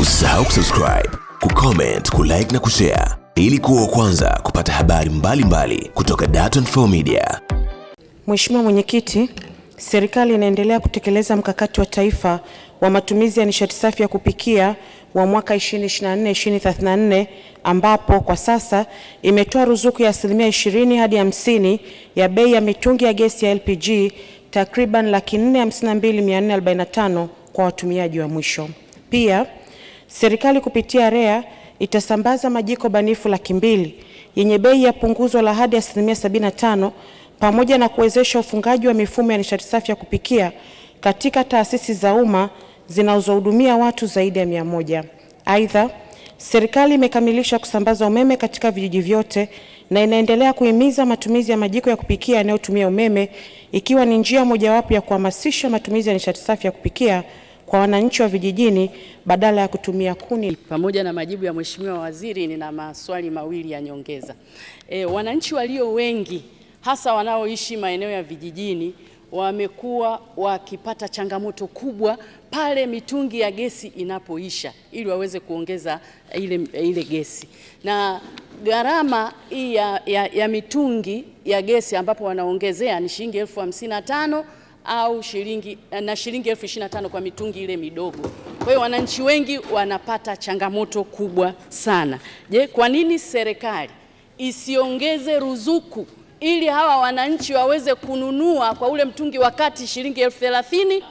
Usisahau kusubscribe, kucomment, kulike na kushare ili kuwa kwanza kupata habari mbalimbali mbali kutoka Dar24 Media. Mheshimiwa Mwenyekiti, serikali inaendelea kutekeleza mkakati wa taifa wa matumizi ya nishati safi ya kupikia wa mwaka 2024-2034 ambapo kwa sasa imetoa ruzuku ya asilimia 20 hadi 50 ya bei ya mitungi ya gesi ya LPG takriban laki 452,445 kwa watumiaji wa mwisho. Pia Serikali kupitia REA itasambaza majiko banifu laki mbili yenye bei ya punguzo la hadi asilimia 75 pamoja na kuwezesha ufungaji wa mifumo ya nishati safi ya kupikia katika taasisi za umma zinazohudumia watu zaidi ya mia moja. Aidha, serikali imekamilisha kusambaza umeme katika vijiji vyote na inaendelea kuhimiza matumizi ya majiko ya kupikia yanayotumia umeme ikiwa ni njia mojawapo ya kuhamasisha matumizi ya nishati safi ya kupikia kwa wananchi wa vijijini badala ya kutumia kuni. Pamoja na majibu ya Mheshimiwa Waziri, nina maswali mawili ya nyongeza. E, wananchi walio wengi hasa wanaoishi maeneo ya vijijini wamekuwa wakipata changamoto kubwa pale mitungi ya gesi inapoisha ili waweze kuongeza ile, ile gesi na gharama hii ya, ya, ya mitungi ya gesi ambapo wanaongezea ni shilingi elfu hamsini na tano au shilingi na shilingi elfu ishirini na tano kwa mitungi ile midogo. Kwa hiyo wananchi wengi wanapata changamoto kubwa sana. Je, kwa nini serikali isiongeze ruzuku ili hawa wananchi waweze kununua kwa ule mtungi, wakati shilingi elfu thelathini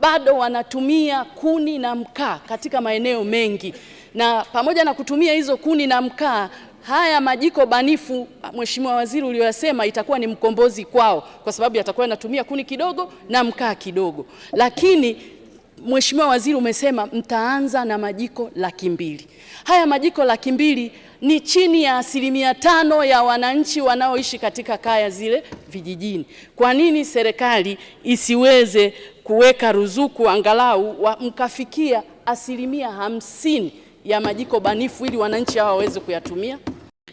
bado wanatumia kuni na mkaa katika maeneo mengi, na pamoja na kutumia hizo kuni na mkaa haya majiko banifu, Mheshimiwa Waziri, uliyosema, itakuwa ni mkombozi kwao, kwa sababu yatakuwa yanatumia kuni kidogo na mkaa kidogo. Lakini Mheshimiwa Waziri, umesema mtaanza na majiko laki mbili. Haya majiko laki mbili ni chini ya asilimia tano ya wananchi wanaoishi katika kaya zile vijijini. Kwa nini serikali isiweze kuweka ruzuku angalau wa mkafikia asilimia hamsini ya majiko banifu ili wananchi hawa waweze kuyatumia?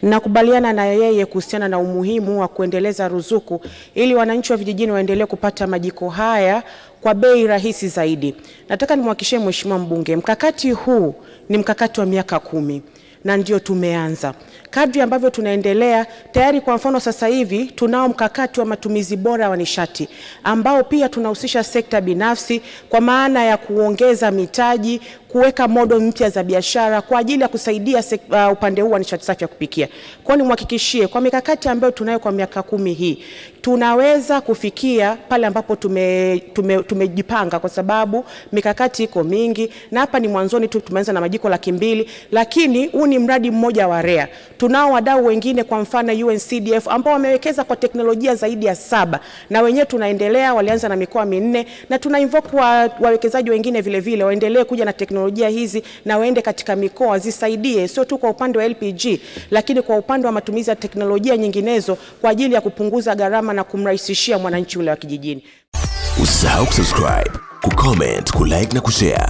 Nakubaliana na yeye kuhusiana na umuhimu wa kuendeleza ruzuku ili wananchi wa vijijini waendelee kupata majiko haya kwa bei rahisi zaidi. Nataka nimhakikishie Mheshimiwa Mbunge, mkakati huu ni mkakati wa miaka kumi na ndio tumeanza. Kadri ambavyo tunaendelea tayari, kwa mfano sasa hivi tunao mkakati wa matumizi bora wa nishati ambao pia tunahusisha sekta binafsi kwa maana ya kuongeza mitaji, kuweka modo mpya za biashara kwa ajili ya kusaidia sek, uh, upande huu wa nishati safi ya kupikia. Kwa hiyo nimhakikishie kwa mikakati ambayo tunayo kwa miaka kumi hii tunaweza kufikia pale ambapo tumejipanga tume, tumejipanga kwa sababu mikakati iko mingi, na hapa ni mwanzoni tu tumeanza na majiko laki mbili lakini ni mradi mmoja wa REA. Tunao wadau wengine, kwa mfano UNCDF ambao wamewekeza kwa teknolojia zaidi ya saba, na wenyewe tunaendelea, walianza na mikoa minne, na tuna invoke wa, wawekezaji wengine vile vile waendelee kuja na teknolojia hizi na waende katika mikoa zisaidie, sio tu kwa upande wa LPG, lakini kwa upande wa matumizi ya teknolojia nyinginezo kwa ajili ya kupunguza gharama na kumrahisishia mwananchi ule wa kijijini. Usisahau kusubscribe, kucomment, kulike na kushare